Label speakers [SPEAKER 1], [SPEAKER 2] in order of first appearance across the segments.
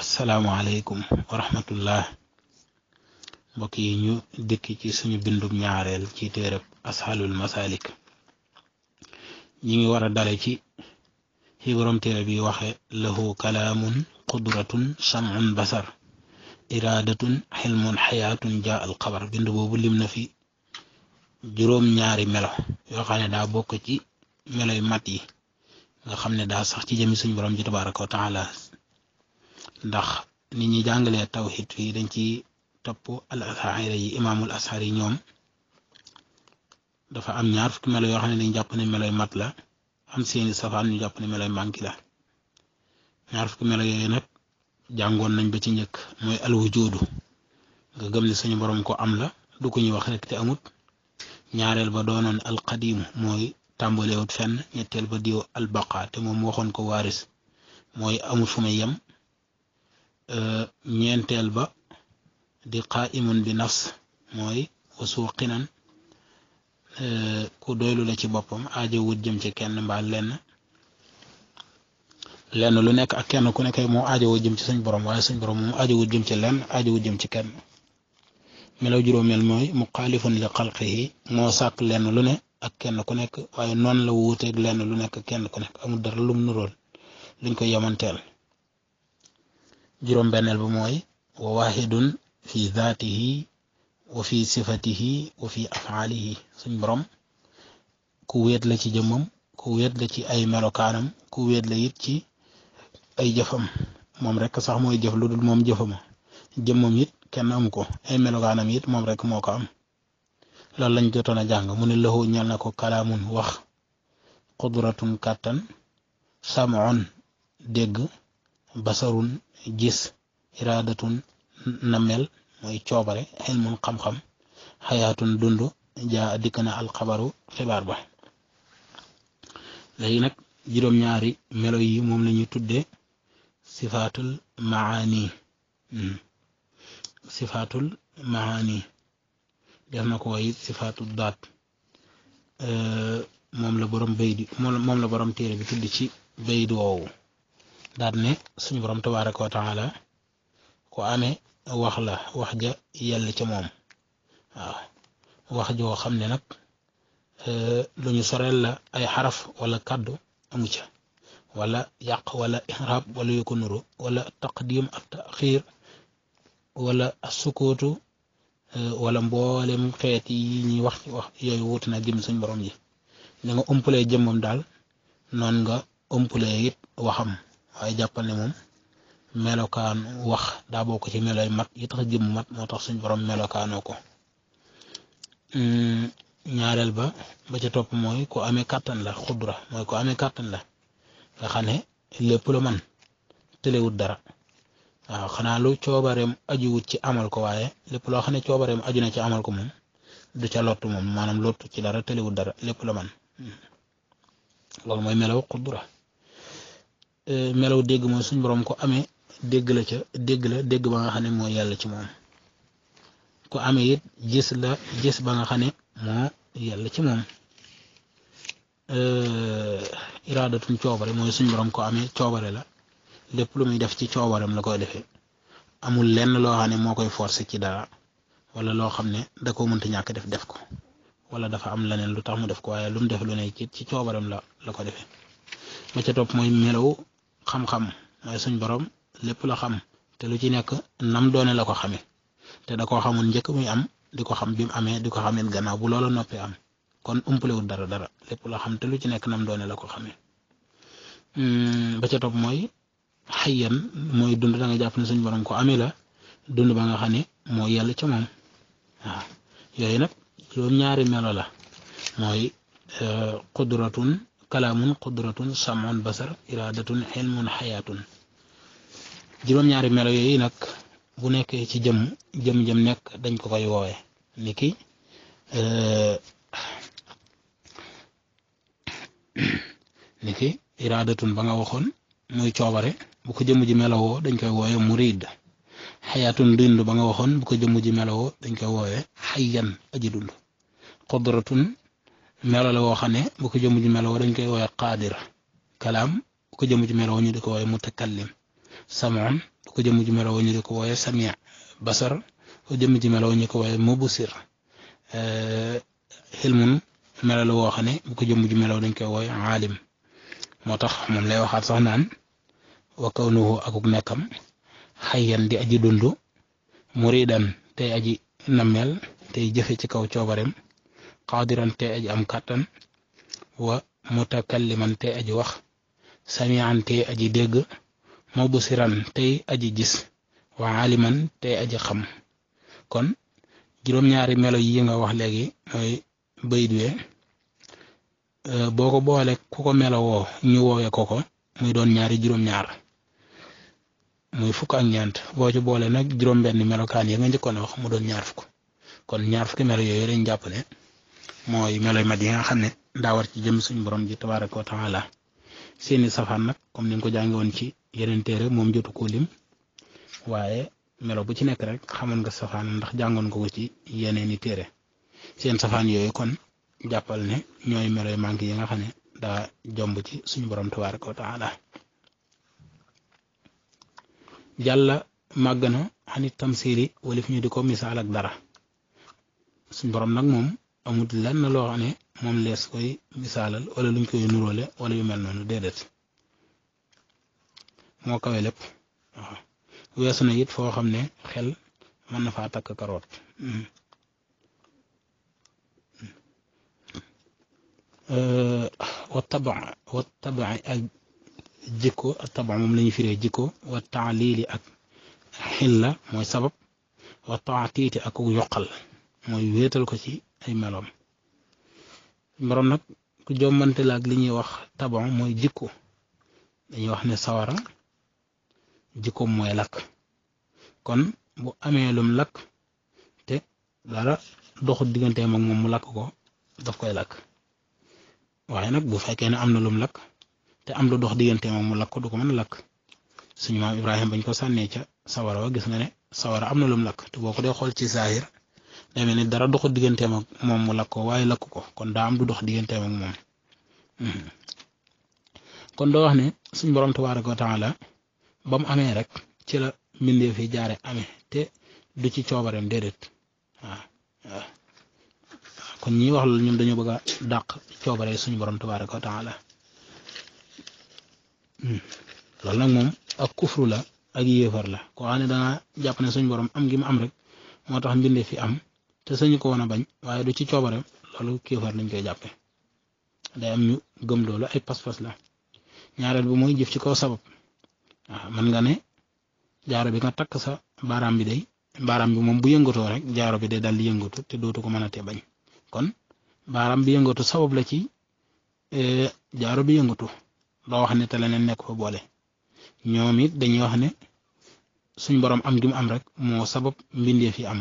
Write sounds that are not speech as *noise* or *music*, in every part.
[SPEAKER 1] asalaamualeykum wa rahmatullah mbokk yi ñu dikk ci suñu bindum ñaareel ci téereb asxalul masalik ñi ngi war a dale ci ci borom téere bi waxe lahu kalaamun qudratun samun basar iraadatun xilmun xayaatun jaa al xabar bind boobu lim na fi juróom ñaari melo yoo xam ne daa bokk ci melo meloy mat yi nga xam ne daa sax ci jëmi suñu borom ji tabaraka wa ndax nit ñi jàngalee tawxid fii dañ ci topp al ashaira yi imaamul ashari ñoom dafa am ñaar fukki melo yoo xam ne dañ jàpp ne meloy mat la am seeni safaan ñu jàpp ne meloy manki la ñaar fukki melo yooyu nag jàngoon nañ ba ci njëkk mooy alwujudu nga gëm ne suñu boroom ko am la du ko ñuy wax rek te amut ñaareel ba doonoon alqadimu mooy tàmbalewut fenn ñetteel ba diw albaqa te moom waxoon ko waaris mooy amul fu may yem Eh, ñeenteel ba di qaimun bi nafs mooy wasuqinan eh, ku doylu la ci boppam aajo wut jëm ci kenn mbaa lenn lenn lu nekk ak kenn ku nekkay moo aajo wut jëm ci suñ borom waaye suñ borom moom aajo wut jëm ci lenn aajo wut jëm ci kenn melaw juróomeel mooy muqaalifun li xalqihi moo sàkk lenn lu ne ak kenn ku nekk waaye noonu la wuuteeg lenn lu nekk kenn ku nekk amul dara lum nuróon luñ ko yamanteel juróom-benneel ba mooy wa wahidun fi zaatihi wa fi sifatihi wa fi afaalihi suñ borom ku wéet la ci jëmmam ku wéet la ci ay melokaanam ku wéet la it ci ay jëfam moom rek sax mooy jëf lu dul moom jëfama jëmmam it kenn am ko ay melokaanam it moom rekk moo ko am loolu lañ jotoon a jàng mu ne lëxu ñal na ko kalaamun wax qudratun kàttan samoon dégg basarun gis iraadatun namel mooy coobare ilmun xam-xam xayaatun dund jaa dikk na alxabaru xibaar ba léegi nag juróom-ñaari melo yi moom la tudde sifaatul maani hmm. sifaatul maani def na ko way sifaatul daat euh, moom la borom bay di moom la borom téere bi tudd ci bay di daal ne suñu borom tabaaraka wa taala ko amee wax la wax ja yell ci moom waaw wax joo xam ne nag euh, lu ñu soreel la ay xaraf wala kàddu amu ca wala yàq wala ixraab wala yu ko nuru wala taqdim ak taxiir wala sukuutu euh, wala mboolem xeet yi ñuy wax ci wax yooyu wut na jëm suñ borom yi ni nga umpalee jëmmam daal noon nga umpalee it waxam. waaye jàppal na moom melokaan wax daa ko ci melo yi mat yi tax jëm mat moo tax suñ borom melokaanoo ko mm, ñaareel ba ba ca topp mooy ku amee kàttan la xudra mooy ku amee kàttan la nga xam ne lépp la man tëlewut dara waaw xanaa lu coobareem ajuwut ci amal ko waaye lépp loo xam ne coobareem aju na ci amal ko moom du ca lottu moom maanaam lottu ci dara tëlewut dara lépp la man mm. loolu mooy melaw xudra Euh, melaw dégg moom suñ borom ko amee dégg la ca dégg la dégg ba nga xam ne moo yàlla ci moom ko amee it gis la gis ba nga xam ne moo yàlla ci moom euh, iraadatun coobare mooy suñ borom ko amee coobare la lépp lu muy def ci coobareem la koy defee amul lenn loo xam ne moo koy forcer ci dara wala loo xam ne da ko mënta ñàkk def def ko wala dafa am leneen lu tax mu def ko waaye lu mu def lu ne ci ci coobareem la la ko defee ma mooy melaw xam-xam mooy suñ borom lépp la xam te lu ci nekk nam doone la ko xamee te da koo xamul njëkk muy am di ko xam bi mu amee di ko xamee gannaaw bu loola noppee am kon umpalewul dara dara lépp la xam te lu ci nekk nam doone la ko xamee hmm, ba ca topp mooy xayyan mooy dund da nga jàpp ne suñ borom ko amee la dund ba nga xam ne moo yàlla ca moom waaw yooyu nag juróom ñaari melo la mooy euh, qudratun kalaamun qudratun samun basar iraadatun ilmun xayaatun juróom-ñaari melo yi nag bu nekkee ci jëmm jëm jëm nekk dañ ko koy woowe niki euh, *coughs* niki iraadatun ba nga waxoon muy coobare bu ko jëmm ji melowoo dañ koy woowe muriid xayaatun dund ba nga waxoon bu ko jëmm ji melowoo dañ koy woowe xayyan aji dund qudratun melo la woo xam ne bu ko jëmm ji meloo dañ koy woowee qaadir kalaam bu ko jëmm ji meloo ñu di ko woowee mutakallim samoon bu ko jëmm melo meloo ñu di ko woowee samia basar bu ko jëmm ji meloo ñu ko woowee mubusir xilmun melo la woo xam ne bu ko jëmm ji meloo dañ koy woowee moo tax moom lay waxaat sax naan wa kawnuhu akuk nekkam xayyan di aji dund muridan tey aji nammeel tey jëfe ci kaw coobareem qaadiran te aji am kàttan wa mutakalliman te aji wax samian te aji dégg mubsiran tey aji gis wa aliman te aji xam kon juróom-ñaari melo yi nga wax léegi mooy bayit we euh, boo ko boole ku ko melo ñu woowee ko ko muy doon ñaari juróom-ñaar muy fukk ak ñeent boo ci boole nag juróom-benn melokaan yi nga njëkkoon wax mu doon ñaar fukk kon ñaar fukki melo yooyu lañ jàpp ne mooy meloy mat yi nga xam ne daa war ci jëm suñ borom ji tabaaraka la taala seeni safaan nag comme ni nga ko jàngi ci yeneen téere moom jotu koo lim waaye melo bu ci nekk rek xamoon nga safaan ndax jàngoon nga ko ci yeneeni téere seen safaan yooyu kon jàppal ne ñooy meloy manque yi nga xam ne daa jomb ci suñu borom tabaaraka wa taala yàlla màgg na xanit tamsiri walif ñu di ko misaal ak dara suñu borom nag moom amut lenn loo xam ne moom lees koy misaalal wala luñ koy nuróole wala yu mel noonu déedéet moo kawe lépp waaw weesu na it foo xam ne xel mën na faa takk karoot wa taba wa taba ak jikko ak taba moom la ñu firee jikko wa taaliili ak xilla mooy sabab wa taatiiti ak yoqal mooy wéetal ko ci ay meloom boroom nag ku jommante la ak li ñuy wax tabon mooy jikko dañuy wax ne sawara jikkoom mooy lakk kon bu amee lum lakk te dara doxut digganteem ak moom mu lakk ko daf koy lakk waaye nag bu fekkee ne am na lum lakk te am lu dox digganteem ak mu lakk du ko mën a lakk suñ maam Ibrahima bañ ko sànnee ca sawara wa gis na ne sawara am na lum lakk te boo ko dee xool ci saahir day ni dara doxul digganteem ak moom mu lakk ko waaye lakk ko kon daa am du dox digganteem ak moom hmm. kon doo wax ne suñ borom tabaaraka wa taala ba mu amee rek ci la mbindeef yi jaare amee te ci coobareem déedéet kon ñi wax loolu ñoom dañoo bëgg dàq coobare suñu borom tabaaraka wa taala hmm. nag moom ak kufru la ak yéefar la koo xam ne danga jàpp ne suñu borom am gi mu am rek moo tax mbindeef yi am te sañu ko woon a bañ waaye du ci coobareem loolu kéefar lañ koy jàppe day am ñu gëm loolu ay pas-pas la ñaareel bu mooy jëf ci kaw sabab waaw mën nga ne jaaro bi nga takk sa baaraam bi day baaraam bi moom bu yëngatoo rek jaaro bi day dal di yëngatu te dootu ko mën a te bañ kon baaraam bi yëngatu sabab la ci e, jaaro bi yëngatu loo wax ne te leneen nekk fa boole ñoom it dañuy wax ne suñ borom am gi am rek moo sabab mbindeef yi am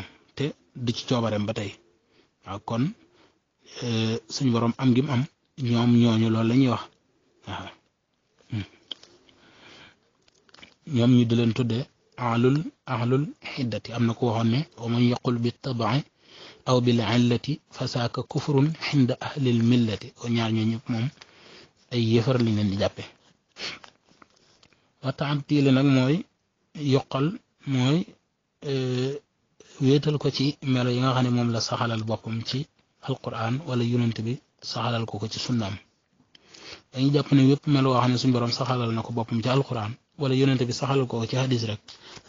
[SPEAKER 1] du ci coobareem ba tey waaw kon euh, suñu borom am gi am ñoom ñooñu loolu la ñuy hmm. ñoom ñu di leen tuddee ahlul ahlul xiddati am na ko waxoon ne wa man yaqul bi tabai aw bil illati fa saaka kufrun xinda ahlil millati o ñaar ñoo moom ay yëfar lañ leen di jàppe wa taatiil mooy yokkal mooy euh, wéetal ko ci melo yi nga xam ne moom la saxalal boppam ci alquran wala yonent bi saxalal ko ko ci sunnaam dañuy jàpp ne wépp melo woo xam ne suñu borom saxalal na ko boppam ci alquran wala yonent bi saxalal ko ci hadis rek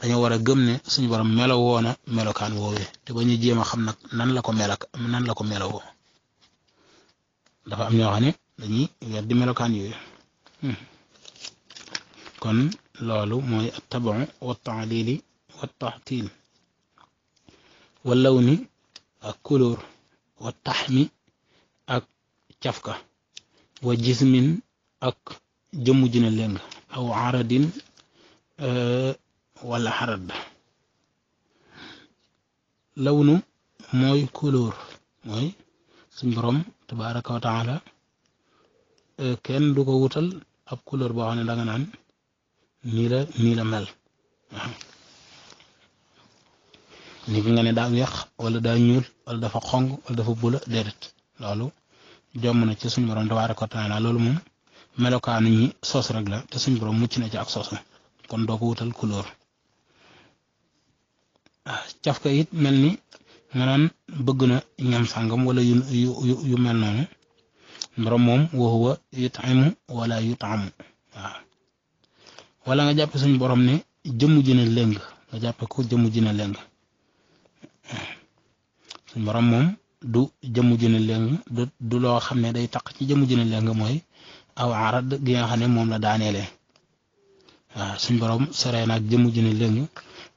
[SPEAKER 1] dañoo war a gëm ne suñu borom melo woo melokaan woowee te ba ñu jéem a xam nag nan la ko melak nan la ko melo woo dafa am ñoo xam ne dañuy di melokaan yooyu hmm. kon loolu mooy at tabu wa taaliili wa tahtiil wa lawni ak couleur wa taxmi ak cafka wa jismin ak jëmm ju ne leng aw aradin euh, wala xarad lawnu mooy couleur mooy suñ borom wa taala euh, kenn du ko wutal ab couleur boo xam ne danga naan nii la nii la mel nit nga ne daa am yàq wala daa ñuul wala dafa xong wala dafa bula déedéet loolu jomm na ci suñ borom tabaaraka wa taala loolu moom melokaanu ñi soos rek la te suñu borom mucc na ci ak sosam kon doo ko wutal couleur ah, caf it mel ni nga naan bëgg na ñam sàngam wala yu yu yu mel noonu borom moom wa huwa yut'imu wala yut'amu nga jàppe suñu borom ne jëmm ji lëng nga jàppe ko jëmm ji na lëng suñ borom moom du jëmm jëne lëng du loo xam ne day taq ci jëmu jëne lëng mooy aw arad gi nga xam ne moom la daaneele waaw suñ boroom soree nag jëmm jëne lëng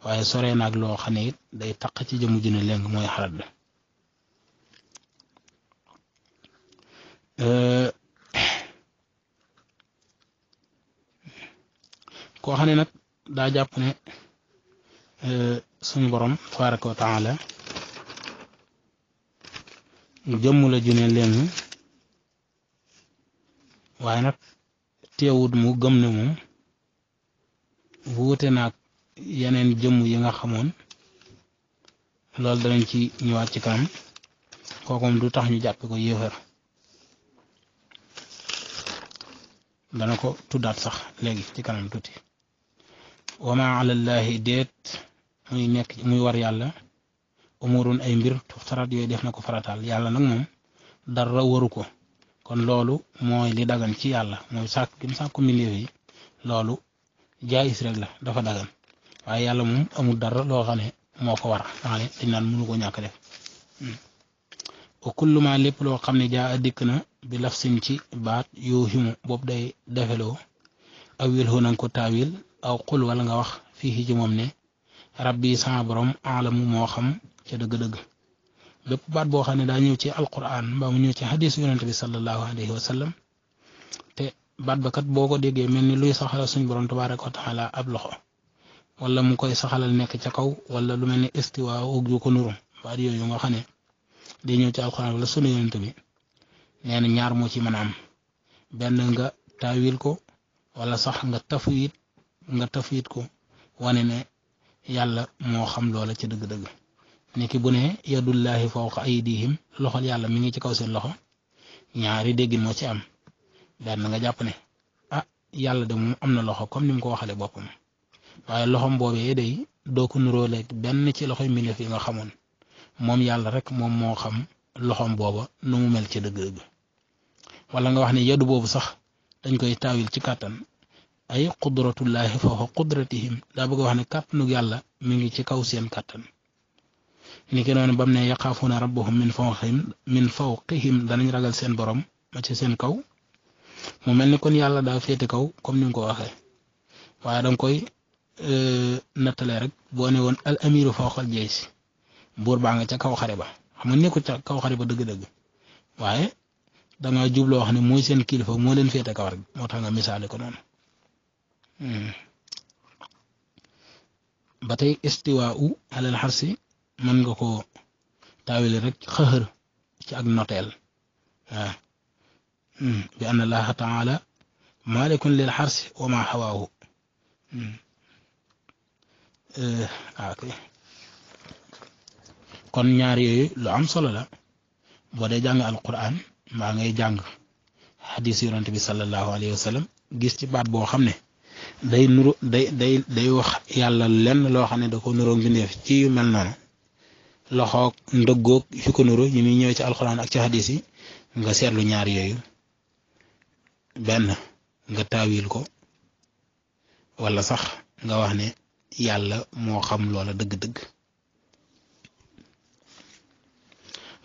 [SPEAKER 1] waaye soree naag loo xam ne day taq ci jëmu jëne lëng mooy arad koo ne nag daa jàpp ne suñu borom tabaraka wa taala jëmm la june lenn waaye nag teewut mu gëm ne mu wuute naag yeneen jëmm yi nga xamoon loolu danañ ci ñëwaat ci kanam kookom du tax ñu jàppe ko yéefar dana ko tuddaat sax léegi ci kanam tuuti wama alallahi déet muy nekk muy war yàlla umurun ay mbir tuftaraat yooyu def na ko farataal yàlla nag moom dara waru ko kon loolu mooy li dagan ci yàlla mooy sàkk gi mu sàkku mbindeef yi loolu jaayis rek la dafa dagan waaye yàlla moom amul dara loo xam ne moo ko war xam ne dañ naan mënu ko ñàkk def hmm. wa kullu lépp loo xam ne jaa dikk na bi laf ci baat yoo himu bopp day defeloo aw wil xu ko taawil aw xul wala nga wax fii ci moom ne rabbi sama borom aalamu moo xam ca dëgg-dëgg bépp baat boo xam ne daa ñëw ci alquran mbaa mu ñëw ci hadis yonent bi sallallahu alayhi wa sallam te baat ba kat boo ko déggee mel ni luy saxalal suñ borom tabaaraka wa taala ab loxo wala mu koy saxalal nekk ca kaw wala lu mel ni istiwa yu ko nuru baat yooyu nga xam ne day ñëw ci alquran wala sunu yonent bi nee na ñaar moo ci mën a am benn nga taawil ko wala sax nga tafwid nga tafwid ko wane ne. yàlla moo xam loola ca dëgg-dëgg niki bu ne yadullahi fawqa aydihim loxol yàlla mu ngi ci kaw seen loxo ñaari déggin moo ci am benn nga jàpp ne ah yàlla de moom am na loxo comme ni mu ko waxale boppam waaye loxom boobee day doo ko nuróoleeg benn ci loxoy mbindeef yi nga xamoon moom yàlla rek moom moo xam loxom booba nu mu mel ci dëgg-dëgg wala nga wax ne yadu boobu sax dañ koy taawil ci kàttan ay qudratullahi fawqa qudratihim daa bëgg wax ne kàttanug yàlla mu ngi ci kaw seen kàttan ni ki noonu bam ne yaqaafuuna rabbahum min fawqihim min fawqihim danañ ragal seen borom ma ci seen kaw mu mel ni kon yàlla daa féete kaw comme ni nga ko waxee waaye danga koy euh, nattalee rek boo ne woon al amiru fawqal jaysi buur baa nga ca kaw xare ba xam nga nekkul ca kaw xare ba dëgg-dëgg waaye danga jubloo wax ne mooy seen kilifa moo leen féete kaw rek moo tax nga misaale ko Hmm. ba tey istiwa u alal xarsi mën nga ko taawile rek xëxër ci ak noteel waaw hmm. bi anna allaha taala malikun lil xarsi wa ma xawaahu hmm. eh, ah, kon ñaar yooyu lu am solo la boo dee jàng alquran mbaa ngay jàng xadis yonent bi sallallahu alayhi wa gis ci baat boo xam ne day nuru day day wax yàlla lenn loo xam ne da ko nuroog mbindeef ci yu mel noonu loxoog ndëggoog yu yi muy ñëwee ci alxuraan ak ci xadis yi nga seetlu ñaar yooyu benn nga taawil ko wala sax nga wax ne yàlla moo xam loola dëgg-dëgg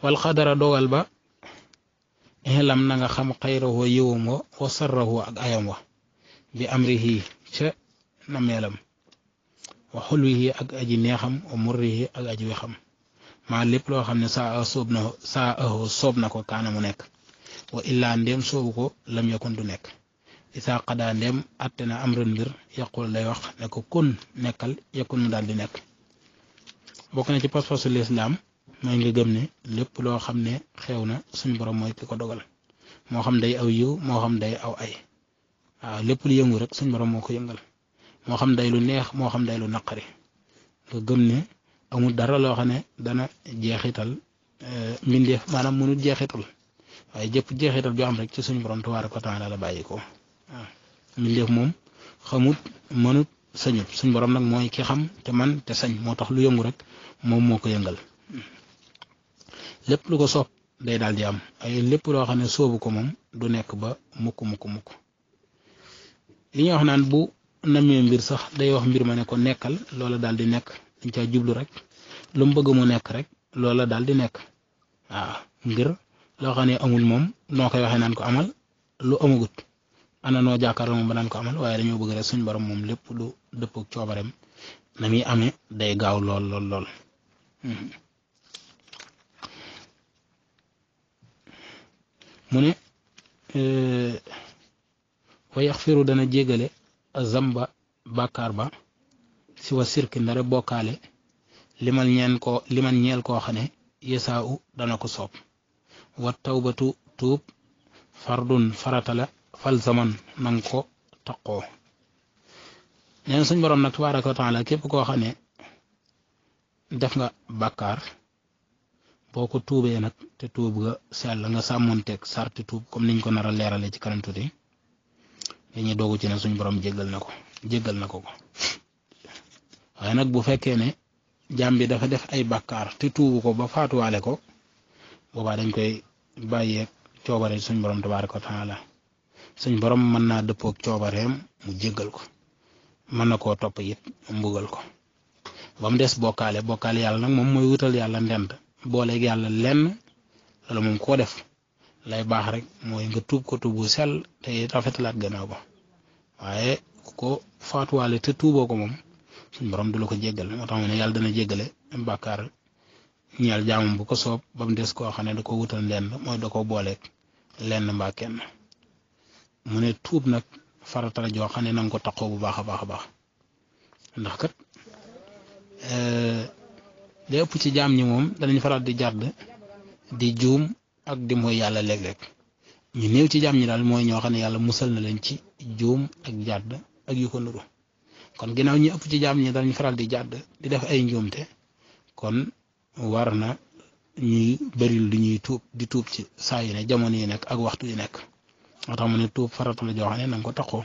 [SPEAKER 1] wal xadara dogal ba xelam na nga xam xayrahu yëwam wa wa sarrahu ak ayam wa bi amrihi ca nameelam wa xulwihi ak aji neexam wa murrihi ak aji wexam maa lépp loo xam ne saa soob na saa soob na ko kaana mu nekk wa illaa ndéem soobu ko lam yakun du nekk isaa qadaa ndéem atte na amran mbir yaqul day wax ne ko kun nekkal yakun mu daal di nekk bokk na ci pas-pasu lislaam mooy nga gëm ne lépp loo xam ne xew na suñu borom mooy ki ko dogal moo xam day aw yiw moo xam day aw ay waaw ah, lépp lu yëngu rek suñ borom moo ko yëngal moo xam day lu neex moo xam day lu naqari nga gëm ne amul dara loo xam ne dana jeexital eh, mbindeef maanaam mënul jeexitul waaye jëpp jeexital ju am rek ci suñu borom tubaar ko temps la bàyyi ko waaw ah, moom xamut mënut sañut suñ borom nag mooy ki xam te man te sañ moo tax lu yëngu rek moom moo ko yëngal lépp lu ko soob day daal di am ay lépp loo xam ne soobu ko moom du nekk ba mukk mukk mukk li ñuy wax naan bu namee mbir sax day wax mbir ma ne ko nekkal loola daal di nekk dañ caa jublu rek lu mu bëgg mu nekk rek loola daal di nekk waaw ngir loo xam ne amul moom noo koy waxee naan ko amal lu amagut na noo jàkkaarloo moom ba naan ko amal waaye dañoo bëgg rek suñ borom moom lépp lu dëppook coobareem na muy amee day gaaw lool lool lool. Hmm. mu ne. Euh, wa yahfiru dana jégale zamba bakar ba si wa sirki ndare bokkaale limal ñeen ko liman ñeel koo xane yesaa'u dana ko soob wa tawbatu tuub fardun farata la fal zaman nang ko taqoo neen suñ borom nag tabaraka wa taala képp koo xam ne def nga bakkaar boo ko tuubee nag te tuub ga si àlla nga sàmmoon teg sarti tuub comme niñ ko nar a leerale ci kanantu di dañuy doogu ci ne suñ borom jéggal na ko jéggal na ko ko waaye nag bu fekkee ne jaam bi dafa def ay bàkkaar te tuubu ko ba faatuwaale ko boobaa dañ koy bàyyeek coobare suñ borom tabaaraka wa taala suñ borom mën naa dëppoog coobareem mu jéggal ko mën na koo topp it mbugal ko ba mu des bokkaale bokkaale yàlla nag moom mooy wutal yàlla ndend booleeg yàlla lenn loolu moom koo def lay bax rek moy nga tuub ko tuubu sel te rafetalaat gannaaw ba waye ko faatuwaale te tuubo ko mom sun borom dula ko jéggal mo tax ne yalla dana jéggale bàkkaar ñal jaamam bu ko soop ba dess ko xane da ko wutal lenn moy da ko bolé lenn mbaa kenn mu ne tuub nak farata la ko taxo bu baaxa baaxa baax ndax kat euh ëpp ci jaam ñi mom dañu faral di di joom ak di mooy yàlla léeg-léeg ñu néew ci jàmm ñi daal mooy ñoo xam ne yàlla musal na leen ci jóom ak jàdd ak yu ko nuru kon ginnaaw ñi ëpp ci jàmm ñi dañu faral di jàdd di def ay njuumte kon war na ñuy bëril lu ñuy tuub di tuub ci saa yu ne jamono yi nekk ak waxtu yu nekk moo tax mu ne tuub farata la joo xam ne na ko taxoo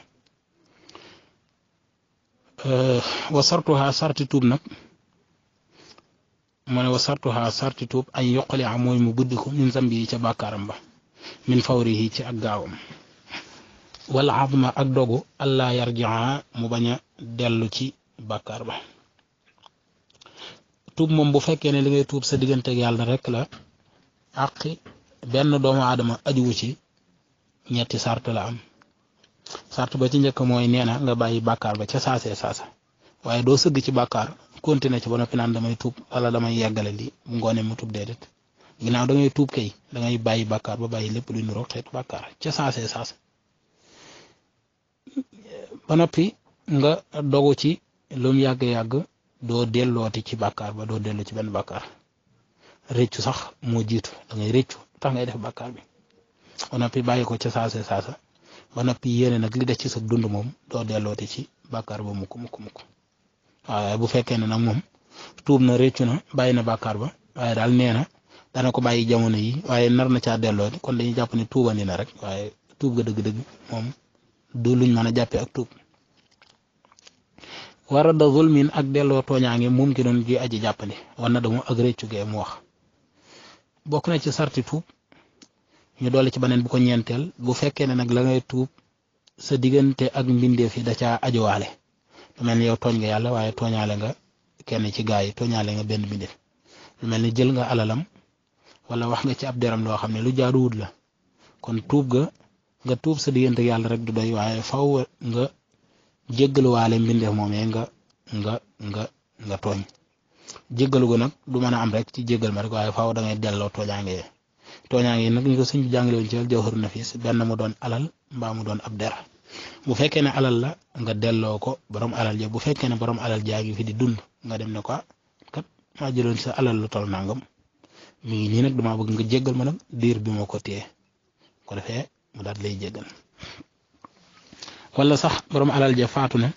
[SPEAKER 1] euh, wa sartuha sarti tuub nag mu ne wa sartuha sarti tuub ay yoqali am mooy mu buddi ko min zambi yi ca bàkkaaram ba min fawri yi ci ak gaawam wala azma ak dogu allah yarjaa mu bañ a dellu ci bàkkaar ba tuub moom bu fekkee ne li ngay tuub sa digganteeg yàlla rek la àqi benn doomu aadama ajuwu ci ñetti sart la am sart ba ci njëkk mooy nee na nga bàyyi bàkkaar ba ca saasee saasa waaye doo sëgg ci bàkkaar continuer ci ba noppi naan damay tuub wala damay yàggale li mu ngoone mu tuub déedéet ginnaaw da ngay tuub kay da bàyyi bàkkaar ba bàyyi lépp luy nuroog xeetu bàkkaar ca saasee saase noppi nga dogu ci lu mu yàgg-yàgg doo dellooti ci bàkkaar ba doo dellu ci benn bàkkaar réccu sax moo jiitu da ngay réccu ngay def bàkkaar bi ba noppi bàyyi ko ca saase saasa ba noppi yéene nag li def ci sa dund moom doo dellooti ci bàkkaar ba mukk mukk mukk waaye bu fekkee ne nag moom tuub na réccu na bàyyi na bàkkaar ba waaye daal nee na dana ko bàyyi jamono yi waaye nar na caa delloo kon dañu jàpp ne tuubandi na rek waaye tuub ga dëgg-dëgg moom du luñ mën a jàppee ak tuub warada zulmin ak delloo tooñaange moom ki doon ji aji jàppandi war na dama ak réccu gee mu wax bokk na ci sarti tuub ñu doole ci beneen bu ko ñeenteel bu fekkee ne nag la ngay tuub sa diggante ak mbindeef yi da caa ajuwaale lu mel ni yow tooñ nga yàlla waaye tooñaale nga kenn ci gaa yi tooñaale nga benn bindéef lu mel ni jël nga alalam wala wax nga ci ab deram loo xam ne lu jaaduwut la kon tuub ga nga tuub sa diggante yàlla rek du doy waaye faw nga jéggaluwaale mbindeef moomee nga nga nga nga tooñ jéggalu ko nag du man a am rek ci jéggal ma rek waaye faw da ngay delloo tooñaange tooñaange nag ñu ko sëñ bi jàngale woon ci Jawharu Nafis benn mu doon alal mbaa mu doon ab der bu fekkene alal la nga delloo ko borom alal ja bu fekkene borom alal jaagi fi di dund nga dem ne ko ah, kat maa jëloon sa alal lu tol nangam mi ngi nii nag dama bëgg nga jéggal ma nag diir bi ma ko tee ko defee mu daal lay jéggal wala sax borom alal ja faatu ne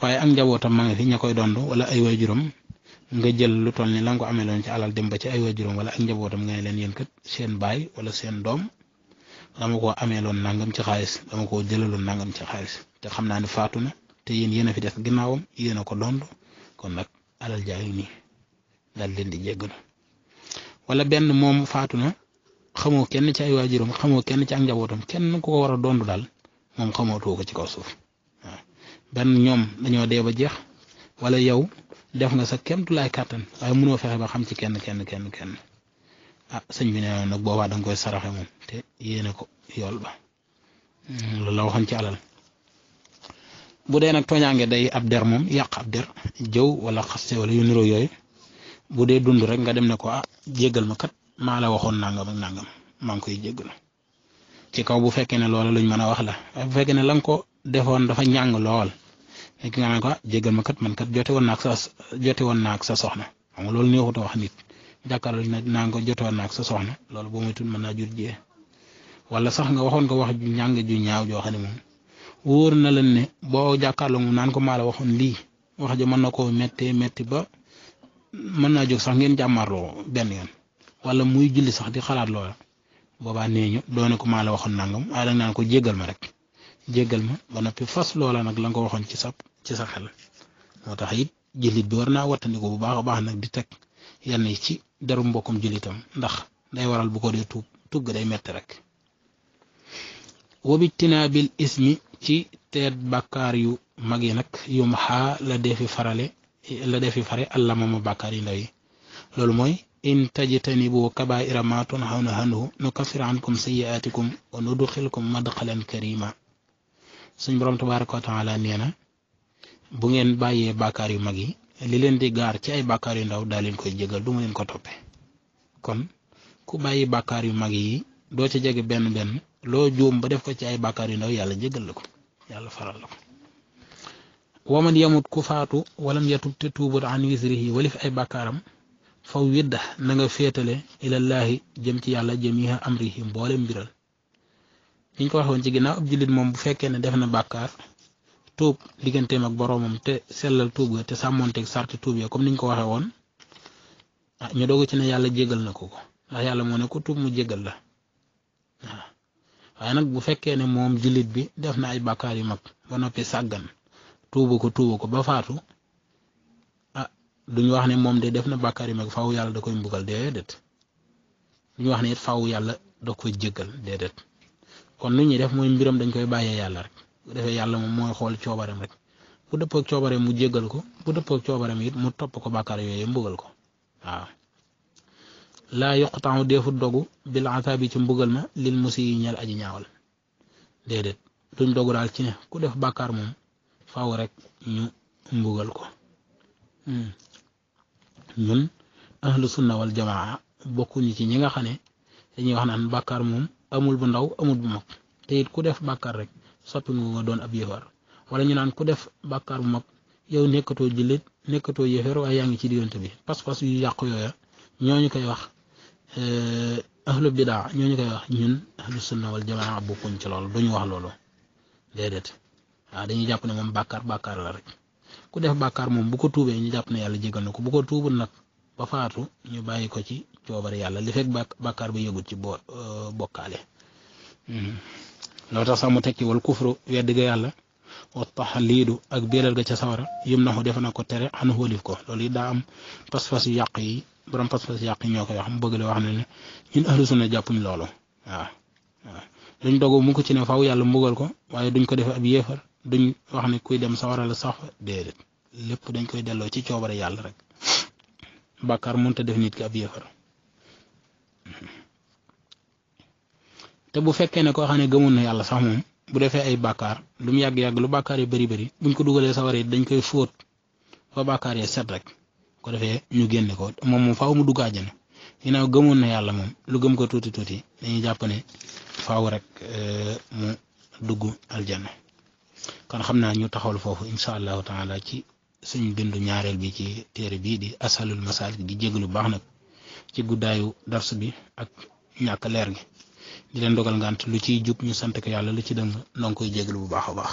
[SPEAKER 1] waaye ak njabootam ma nga fi ña koy dond wala ay waajuram nga jël lu toll ni la nga ko amee loon ci alal dem ba ci ay waajuram wala ak njabootam nga ne leen yéen kat seen baay wala seen doom dama koo amee loon nangam ci xaalis dama koo jëlaloon nangam ci xaalis te xam naa ne faatu na te yéen yéen a fi def ginnaawam yéen a ko dond kon nag alal jaa ngi daal leen di jéggalu wala benn moom faatu na xamoo kenn ci ay waajuram xamoo kenn ci ak njabootam kenn ku ko war a dond daal moom xamootoo ko ci kaw suuf waaw benn ñoom dañoo dee ba jeex wala yow def nga sax sa kéemtulaay kàttan waaye mënoo fexe ba xam ci kenn kenn kenn kenn. a ah, sëñ bi nee na nag boobaa danga koy saraxe moom te yéene ko yool ba hmm, loolu la waxoon ci alal bu dee nag tooñaange day ab der moom yàq ab der jëw wala xaste wala yu niroo yooyu bu dee dund rek nga dem ne ko ah ma kat maa la waxoon nangam ak nangam maa koy jéggal ci kaw bu fekkee ne loola luñ mën a wax la bu fekkee ne la nga ko defoon dafa ñàng lool fekk nga ne ko ah jéggal ma kat man kat jote woon nag sa jote woon naak sa soxna xam nga loolu neexut a wax nit jàkkaarloo nag naa ko jotoon naag sa soxna loolu boo moytuwul mën naa jur wala sax nga waxoon ko wax ju ju ñaaw joo xam ne wóor na leen ne boo jàkkaarloo moom maa la waxoon lii wax ja mën na koo méttee métti ba mën naa jóg sax ngeen jàmmarloo benn yoon wala muy julli sax di xalaat loola boobaa nee ñu doone ko maa waxoon nangam waaye da naan ko jéggal ma rek jéggal ma ba noppi fas loola nag la nga ko waxoon ci sa ci sa xel moo tax it jullit bi war naa wattandiku bu baax a baax nag di teg yenn yi ci deru mbokkum jullitam ndax day waral bu ko dee tuub tugg day metti rek wobi tinaabil ismi ci teet bàkkaar yu mag yi nag yum xaa la defi farale la defi fare àlla yi ndaw yi loolu mooy in tajtanibu kabaira ma tunhawna anhu nukaffir ankum sayyi'atikum wa nudxilkum madxalan karima suñ borom tabaraka wa taala nee na bu ngeen bàyyee bàkkaar yu mag yi E lilendi gar ci ay bakar yu ndaw dalen koy jegal duma len ko topé kon ku bayyi bakar yu mag yi do ci jegi ben ben lo joom ba def ko ci ay bakar yu ndaw yalla jegal lako yalla faral lako waman yamut kufatu walam yatub tatubu an wizrihi walif ay bakaram faw widda na nga fetale ila llahi jëm ci yalla jamiha amrihi mbolem biral niñ ko waxon ci ginaaw ab julit mom bu fekkene def na bakar tuub digganteem ak boroomam te sellal tuub ga te sàmmonteeg sart tuub ya comme niñ ko waxee woon ah ñu doog ci ne yàlla jégal na ko ko ndax yàlla moo ne ko tuub mu jégal la waaye nag bu fekkee ne moom jullit bi def na ay bàkkaar yu mag ba noppi sàggan tuubu ko tuubu ko ba faatu ah duñu wax ne moom de def na bàkkaar yu mag faaw yàlla da koy mbugal déedéet duñu wax ne it faaw yàlla da koy jégal déedéet kon nu ñuy def mooy mbiram dañ koy bàyyee yàlla rek. bu defee yàlla moom mooy xool coobareem rek bu dëppoo ak coobareem mu jéggal ko bu dëppoo ak coobareem it mu topp ko bàkkaar yooyu mbugal ko waaw laa yoqtaamu deefu dogu bil ataabi ci mbugal ma lil musi yi ñeel aji ñaawal déedéet duñ dogu daal ci ne ku def bàkkaar moom faw rek ñu mbugal ko hmm. ñun ahlu sunna wal jamaa bokkuñu ci ñi nga xam ne dañuy wax naan bàkkaar moom amul bu ndaw amul bu mag te it ku def bàkkaar rek soppi mu doon ab yéefar wala ñu naan ku def bàkkaar bu mag yow nekkatoo jullit nekkatoo yéefar waaye yaa ngi ci diggante bi pas-pas yu yàqu yooya ñu koy wax eh, ahlu bidaa ñooñu koy wax ñun ahlu sunna wal jamaa bokkuñ ci loolu duñu wax loolu déedéet waaw dañuy jàpp ne moom bàkkaar bàkkaar la rek ku def bàkkaar moom bu ko tuubee ñu jàpp ne yàlla jégal na ko bu ko tuubul nag ba faatu ñu bàyyi ko ci coobare yàlla li fekk bàkkaar bi yëgut ci bo euh, bokkaale hmm. loolu tax sax mu tekki wal kufru weddi ga yàlla wa tahlidu ak belal ga ca sawara yim na def na ko tere an holif ko loolu da am pas-pas yàq yi borom pas-pas yàq ñoko wax mu bëgg la wax na ni ñun ahlu sunna jappuñ loolu wa waaw dogo mu ko ci ne faw yàlla mbugal ko waye duñ ko def ab yéefar duñ wax ni kuy dem sawara la sax déedéet lepp dañ koy delo ci coobare yalla rek bakkar munta def nit ki ab yéefar te bu fekkee ne koo xam ne gëmoon na yàlla sax moom bu defee ay bàkkaar lu mu yàgg-yàgg lu bàkkaar yi bari bëri buñ ko dugalee sawar yi dañ koy fóot fa bàkkaar set rek ko defee ñu génne ko moom moom faw mu dugg àjjana ginnaaw gëmoon na yàlla moom lu gëm ko tuuti tuuti dañuy jàpp ne rek eh, mu dugg aljana kon xam naa ñu taxawal foofu incha allahu taala ci suñ bindu ñaareel bi ci téere bii di asalul masalik di jéglu baax nag ci guddaayu dars bi ak ñàkk leer gi di leen dogal ngant lu ciy jub ñu sant ko yàlla lu ci dëng noo ngi koy jégalu bu baax a baax.